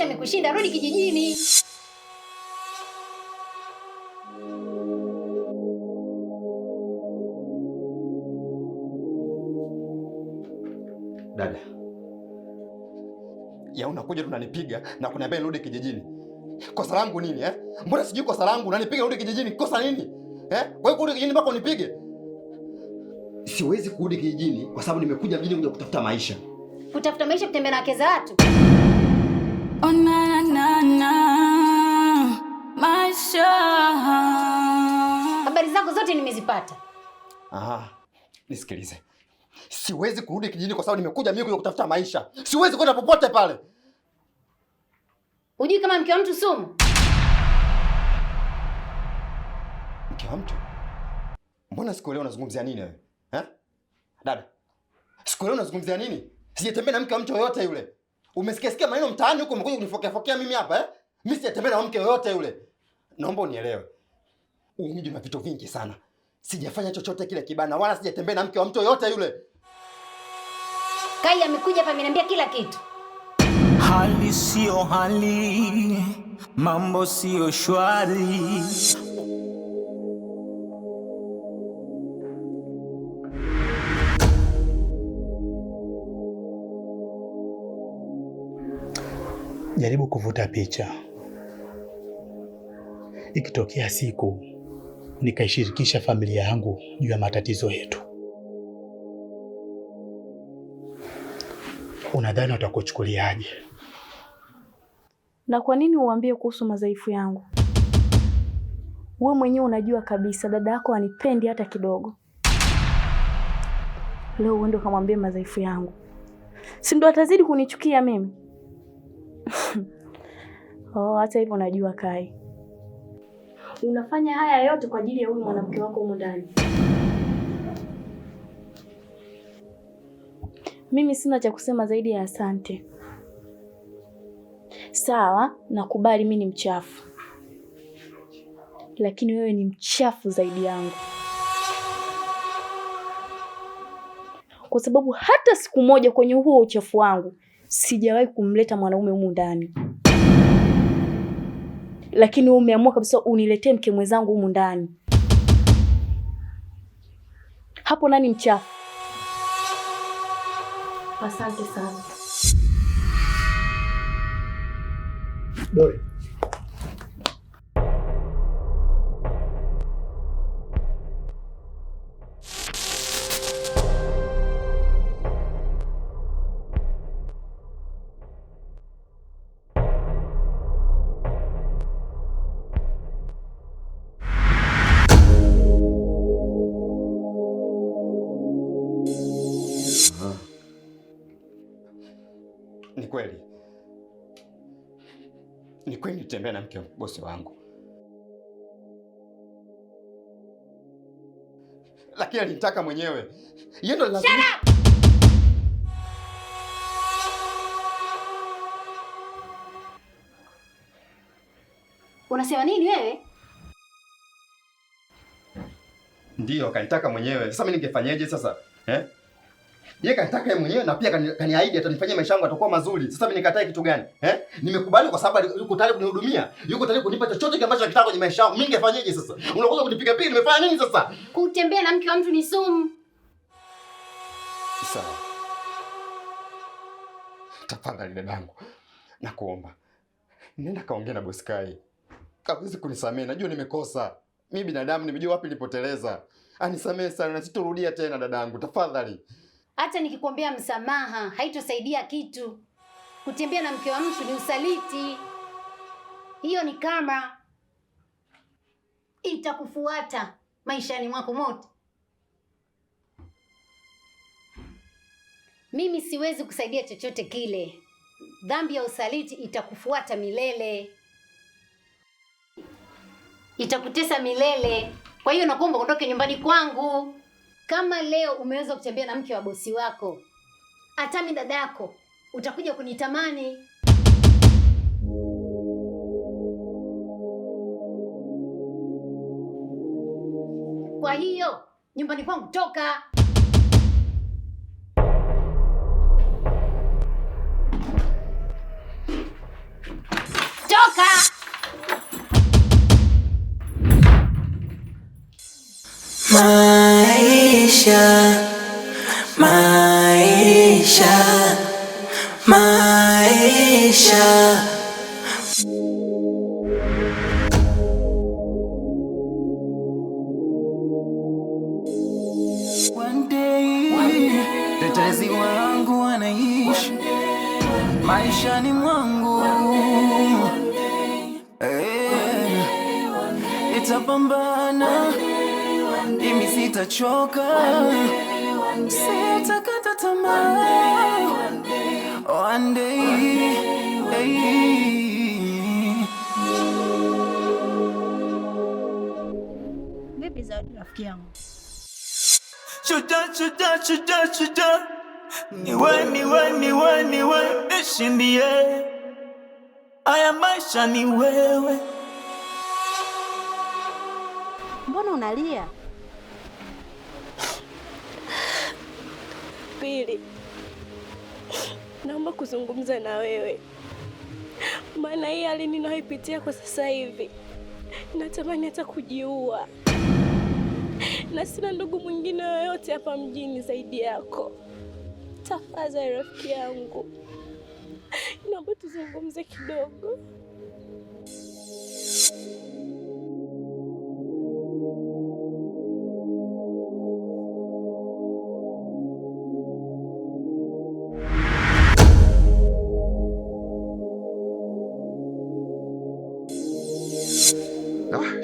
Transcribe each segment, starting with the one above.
maisha yamekushinda, rudi kijijini. Dada ya unakuja tunanipiga na kuniambia nirudi kijijini. Kosa langu nini eh? Mbona sijui kosa langu, unanipiga rudi kijijini, kosa nini eh? Kwa hiyo kurudi kijijini mpaka unipige? Siwezi kurudi kijijini kwa sababu nimekuja mjini kuja kutafuta maisha. Kutafuta maisha, kutembea na wake za watu maisha. Habari zako zote nimezipata. Aha. Nisikilize. Siwezi kurudi kijijini kwa sababu nimekuja mimi kutafuta maisha. Siwezi kwenda popote pale. Hujui kama mke wa mtu sumu? Mke wa mtu? Mbona sikuelewa unazungumzia nini wewe? Eh? Dada. Sikuelewa unazungumzia nini? Sijatembea na mke wa mtu yoyote yule. Umesikia sikia maneno mtaani huko umekuja kunifokea fokea mimi hapa eh? Mimi sijatembea na mke yoyote yule naomba unielewe, huu mji una vitu vingi sana. Sijafanya chochote kile kibana, wala sijatembea na mke wa mtu yoyote yule. Kai amekuja hapa ameniambia kila kitu. Hali sio hali, mambo sio shwari. Jaribu kuvuta picha ikitokea siku nikaishirikisha familia yangu juu ya matatizo yetu, unadhani watakuchukuliaje? Na kwa nini uambie kuhusu madhaifu yangu? Wewe mwenyewe unajua kabisa dada yako hanipendi hata kidogo. Leo uende ukamwambie madhaifu yangu, si ndo atazidi kunichukia mimi? Oh, hata hivyo unajua Kai, unafanya haya yote kwa ajili ya huyu mwanamke wako humu ndani. Mimi sina cha kusema zaidi ya asante. Sawa, nakubali mimi ni mchafu, lakini wewe ni mchafu zaidi yangu, kwa sababu hata siku moja kwenye huo uchafu wangu sijawahi kumleta mwanaume humu ndani lakini wewe umeamua kabisa uniletee mke mwenzangu humu ndani. Hapo nani mchafu? Asante sana Dori. kutembea na mke wa bosi wangu, lakini alinitaka mwenyewe ndo lazima Unasema nini wewe? ndio akanitaka mwenyewe. Sasa mimi ningefanyaje sasa eh? Yeye kanitaka yeye mwenyewe na pia kaniahidi kani atanifanyia maisha yangu atakuwa mazuri. Sasa mimi nikatae kitu gani? Eh? Nimekubali kwa sababu yuko tayari kunihudumia. Yuko tayari kunipa chochote kile ambacho nakitaka kwenye maisha yangu. Mimi ningefanyaje sasa? Unakuja kunipiga pili, nimefanya nini sasa? Kutembea na mke wa mtu ni sumu. Sawa. Tafadhali dadangu. Nakuomba. Nenda kaongea na boss Kai. Kawezi kunisamehe. Najua nimekosa. Mimi binadamu nimejua wapi nilipoteleza. Anisamehe sana na sitorudia tena dadangu. Tafadhali. Hata nikikwambia msamaha haitosaidia kitu. Kutembea na mke wa mtu ni usaliti. Hiyo ni kama itakufuata maishani mwako mote. Mimi siwezi kusaidia chochote kile. Dhambi ya usaliti itakufuata milele, itakutesa milele. Kwa hiyo nakuomba uondoke nyumbani kwangu. Kama leo umeweza kutembea na mke wa bosi wako, atami dada yako utakuja kunitamani. Kwa hiyo nyumbani kwangu toka. Toka! maisha, maisha, maisha. One day, One day, wangu wanaishi maishani mwangu eh, itapambana mimi sitachoka, sitakata tamaa one day, vipi za rafiki yangu niwe niwe niwe niwe nishindie aya maisha ni wewe. Mbona unalia? wawili, naomba kuzungumza na wewe, maana hii hali ninayoipitia kwa sasa hivi natamani hata kujiua, na sina ndugu mwingine yoyote hapa mjini zaidi yako. Tafadhali rafiki yangu, naomba tuzungumze kidogo.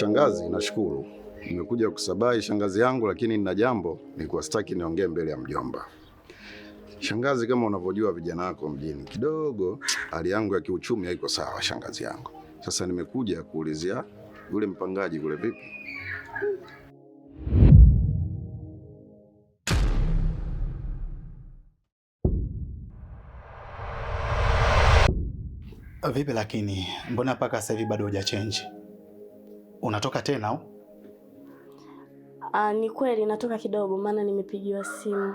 Shangazi, nashukuru nimekuja kusabai shangazi yangu, lakini nina jambo nilikuwa sitaki niongee mbele ya mjomba. Shangazi, kama unavyojua vijana wako mjini kidogo, hali yangu ya kiuchumi haiko sawa shangazi yangu. Sasa nimekuja kuulizia yule mpangaji kule, vipi? Vipi lakini mbona mpaka sasa hivi bado hujachange? Unatoka tena? Ah, ni kweli natoka kidogo, maana nimepigiwa simu,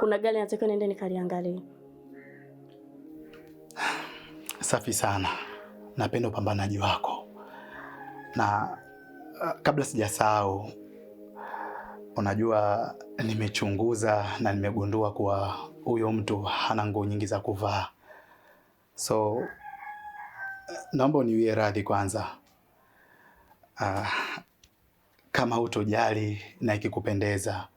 kuna gari natakiwa niende nikaliangalie. Safi sana, napenda upambanaji wako na ah, kabla sijasahau, unajua nimechunguza na nimegundua kuwa huyo mtu hana nguo nyingi za kuvaa, so naomba uniwie radhi kwanza uh, kama utojali na ikikupendeza,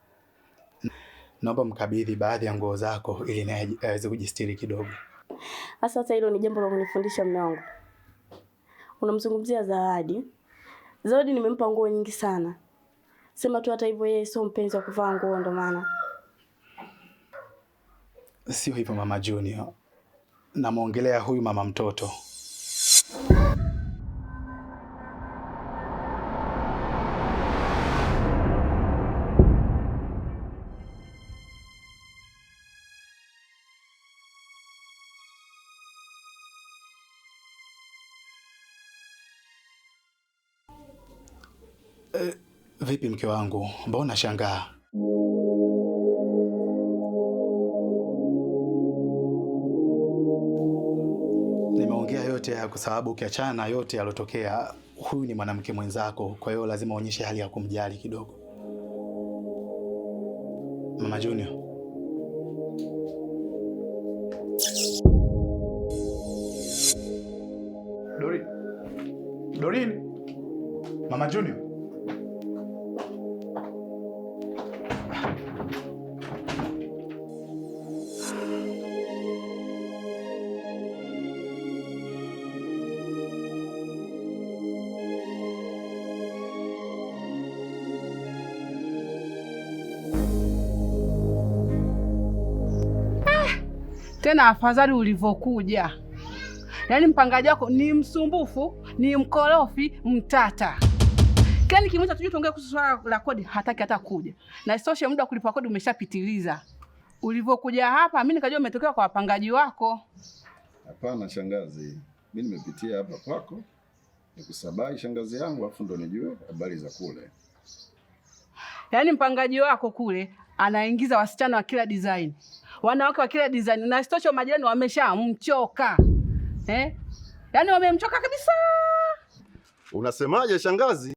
naomba mkabidhi baadhi ya nguo zako ili naweze kujistiri kidogo. Hasa hata hilo ni jambo la kunifundisha mume wangu. Unamzungumzia Zawadi. Zawadi nimempa nguo nyingi sana, sema tu. Hata hivyo yeye sio mpenzi wa kuvaa nguo, ndo maana. Sio hivyo Mama Junior, namwongelea huyu mama mtoto. Eh, vipi mke wangu, mbona shangaa? Nimeongea yote haya kwa sababu ukiachana na yote yalotokea, huyu ni mwanamke mwenzako, kwa hiyo lazima uonyeshe hali ya kumjali kidogo. Mama Junior Dorin. Dorin. Mama Junior. tena afadhali ulivyokuja. Yaani mpangaji wako ni msumbufu, ni mkorofi, mtata. Kila nikimuita tujue tuongee kuhusu swala la kodi, hataki hata kuja. Na isitoshe muda wa kulipa kodi umeshapitiliza. Ulivyokuja hapa mimi nikajua umetokea kwa wapangaji wako. Hapana shangazi, mimi nimepitia hapa kwako nikusabai shangazi yangu, afu ndo nijue habari za kule. Yaani mpangaji wako kule anaingiza wasichana wa kila design wanawake wa kila design, na sitosho majirani wameshamchoka eh? Yaani wamemchoka kabisa. Unasemaje shangazi?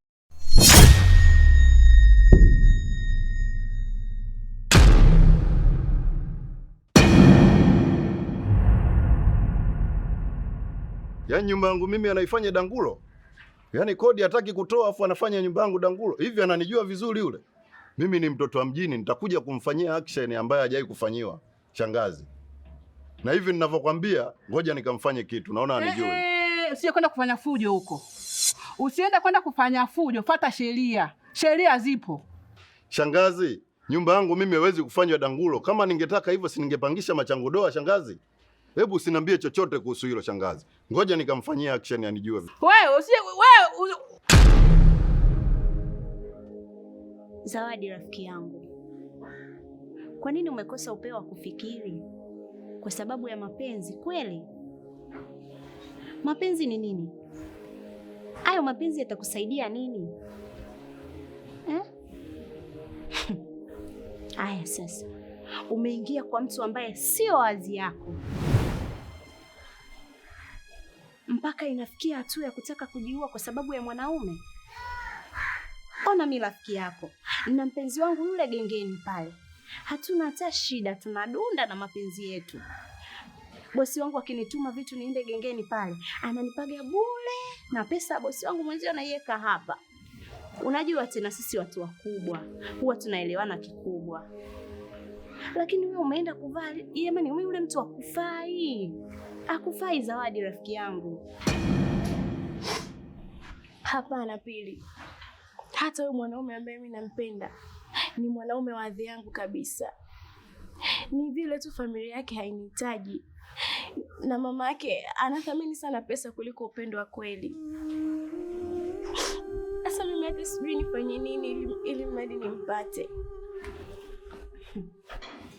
Yaani nyumba yangu mimi anaifanya dangulo, yaani kodi hataki kutoa, afu anafanya nyumba yangu dangulo hivi. Ananijua vizuri yule. Mimi ni mtoto wa mjini, nitakuja kumfanyia action ambayo hajawahi kufanyiwa shangazi. Na hivi ninavyokwambia, ngoja nikamfanye kitu, naona eh, anijui. Hey, eh, kwenda kufanya fujo huko, usienda kwenda kufanya fujo, fata sheria, sheria zipo shangazi. Nyumba yangu mimi hawezi kufanywa dangulo. Kama ningetaka hivyo, si ningepangisha machango doa shangazi. Hebu usiniambie chochote kuhusu hilo shangazi, ngoja nikamfanyia action anijue. Wewe usiye wewe Zawadi, rafiki yangu kwa nini umekosa upeo wa kufikiri? Kwa sababu ya mapenzi kweli? Mapenzi ni nini? Hayo mapenzi yatakusaidia nini eh? Aya, sasa umeingia kwa mtu ambaye sio wazi yako, mpaka inafikia hatua ya kutaka kujiua kwa sababu ya mwanaume. Ona mi rafiki yako na mpenzi wangu yule gengeni pale hatuna hata shida, tunadunda na mapenzi yetu. Bosi wangu akinituma vitu niende gengeni pale, ananipaga bure na pesa bosi wangu mwenzio anaiweka hapa. Unajua tena sisi watu wakubwa huwa tunaelewana kikubwa, lakini wewe umeenda kuvaa yemani, wewe yule mtu akufai, akufai Zawadi rafiki yangu. Hapana Pili, hata wewe mwanaume ambaye mimi nampenda ni mwanaume wa hadhi yangu kabisa. Ni vile tu familia yake hainihitaji na mama yake anathamini sana pesa kuliko upendo wa kweli. Sasa mimi hata sijui nifanye nini ili, ili mradi nimpate.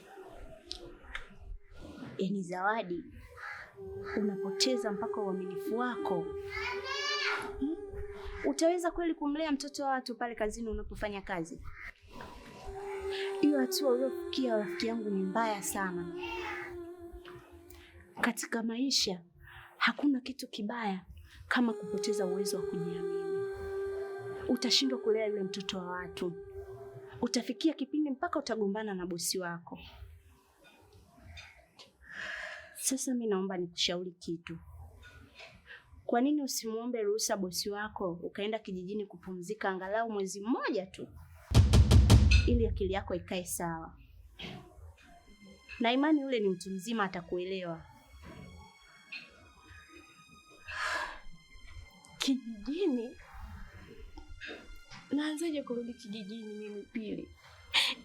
Yaani Zawadi, unapoteza mpaka uaminifu wako. Hmm? Utaweza kweli kumlea mtoto wa watu pale kazini unapofanya kazi? hiyo hatua uliofikia rafiki yangu ni mbaya sana. Katika maisha hakuna kitu kibaya kama kupoteza uwezo wa kujiamini. Utashindwa kulea yule mtoto wa watu, utafikia kipindi mpaka utagombana na bosi wako. Sasa mi naomba nikushauri kitu. Kwa nini usimwombe ruhusa bosi wako ukaenda kijijini kupumzika angalau mwezi mmoja tu? ili akili yako ikae sawa, na imani yule ni mtu mzima atakuelewa. Kijijini? Naanzaje kurudi kijijini mimi Pili?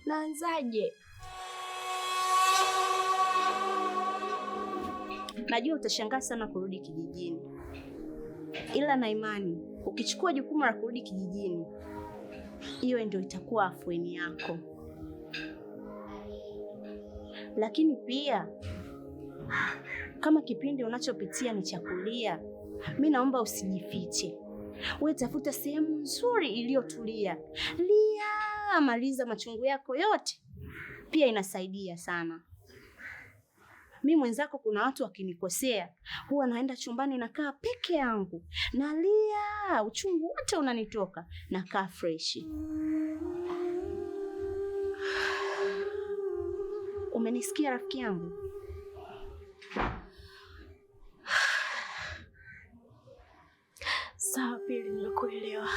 Naanzaje? Najua utashangaa sana kurudi kijijini, ila na imani, ukichukua jukumu la kurudi kijijini hiyo ndio itakuwa afueni yako. Lakini pia kama kipindi unachopitia ni cha kulia, mi naomba usijifiche, we tafuta sehemu nzuri iliyotulia, lia, maliza machungu yako yote, pia inasaidia sana mi mwenzako, kuna watu wakinikosea huwa naenda chumbani nakaa peke yangu, nalia, uchungu wote unanitoka, nakaa freshi. Umenisikia rafiki yangu? Sawa Pili, nimekuelewa.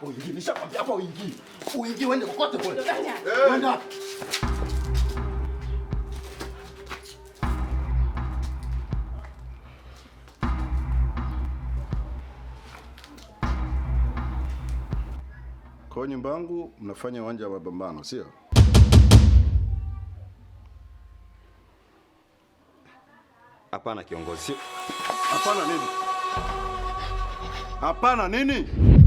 Hapo uingii, nishakwambia hapo uende kokote kule. Kwa nyumba yangu mnafanya uwanja wa mapambano, sio? Hapana kiongozi. Hapana nini? Hapana nini?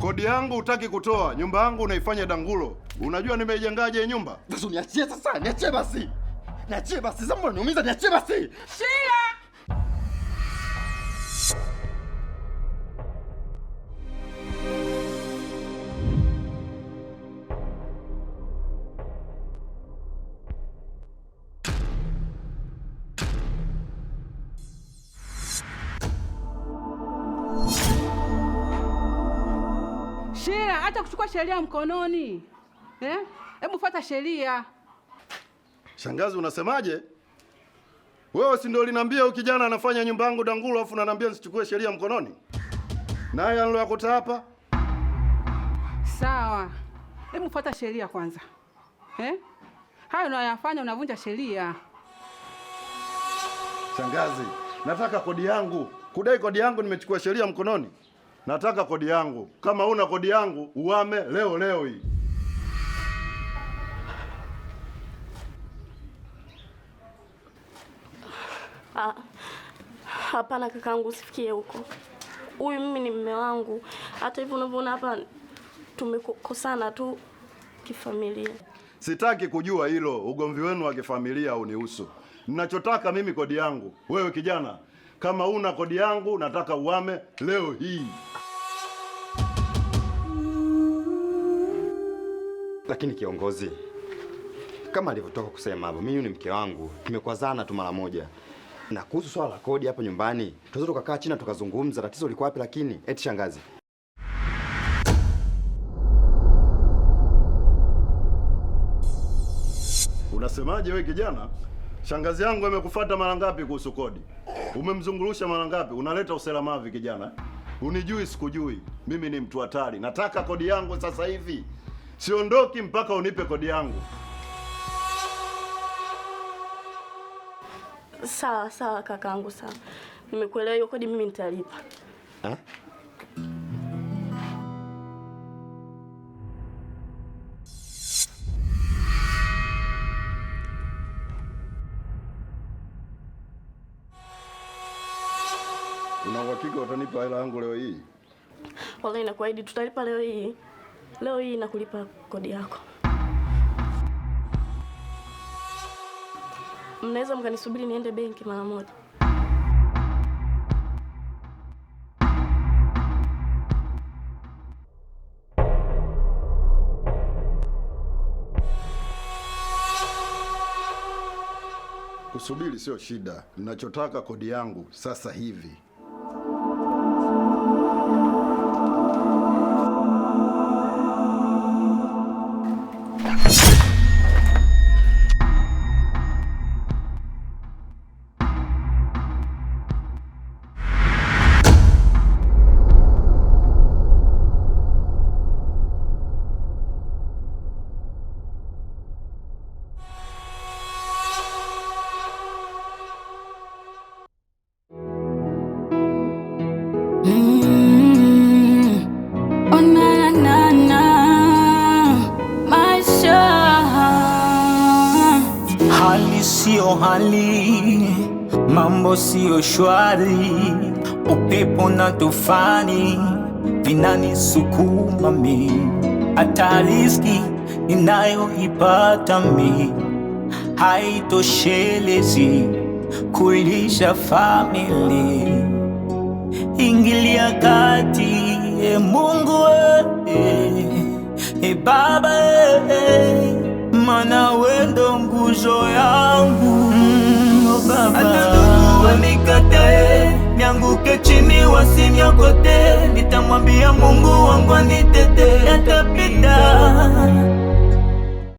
Kodi yangu hutaki kutoa, nyumba yangu unaifanya dangulo. Unajua nimeijengaje nyumba? Basi niachie sasa, niachie basi. Niachie basi, sasa mbona niumiza, niachie basi. Shila! sheria mkononi. Eh? Hebu eh? Fuata sheria. Shangazi, unasemaje? Wewe si ndio uliniambia huyu kijana anafanya nyumba yangu dangulu, afu unaniambia nisichukue sheria mkononi? Naye aliloyakuta hapa. Sawa, hebu fuata sheria kwanza eh? Hayo unayoyafanya unavunja sheria. Shangazi, nataka kodi yangu, kudai kodi yangu, nimechukua sheria mkononi. Nataka kodi yangu. Kama una kodi yangu, uame leo leo hii. Ah, hapana kakaangu, usifikie huko. Huyu mimi ni mume wangu. Hata hivyo unavyoona hapa tumekosana tu kifamilia. Sitaki kujua hilo, ugomvi wenu wa kifamilia unihusu. Ninachotaka mimi kodi yangu. Wewe kijana, kama una kodi yangu nataka uame leo hii. Lakini kiongozi, kama alivyotoka kusema hapo, mimi ni mke wangu, tumekwazana tu mara moja. Na kuhusu swala la kodi hapa nyumbani, tunaweza tukakaa chini tukazungumza tatizo liko wapi. Lakini eti shangazi Unasemaje wewe kijana? Shangazi yangu amekufuata mara ngapi kuhusu kodi? Umemzungurusha mara ngapi? Unaleta uselamavi kijana. Unijui sikujui. Mimi ni mtu hatari. Nataka kodi yangu sasa hivi. Siondoki mpaka unipe kodi yangu. Sawa sawa kakaangu, sawa. Nimekuelewa, hiyo kodi mimi nitalipa. Ha? Una uhakika utanipa hela yangu leo hii? Wallahi nakuahidi tutalipa leo hii leo hii nakulipa kodi yako. Mnaweza mkanisubiri niende benki mara moja. Kusubiri sio shida, ninachotaka kodi yangu sasa hivi. moyo shwari, upepo na tufani vinanisukuma mi, hata riziki ninayoipata mi haitoshelezi kulisha famili. Ingilia kati, e Mungu e, e Baba e, mana wendo nguzo yangu mm, oh Baba wanikatae, nianguke chini wasiniokote, nitamwambia Mungu wangu anitete, yatapita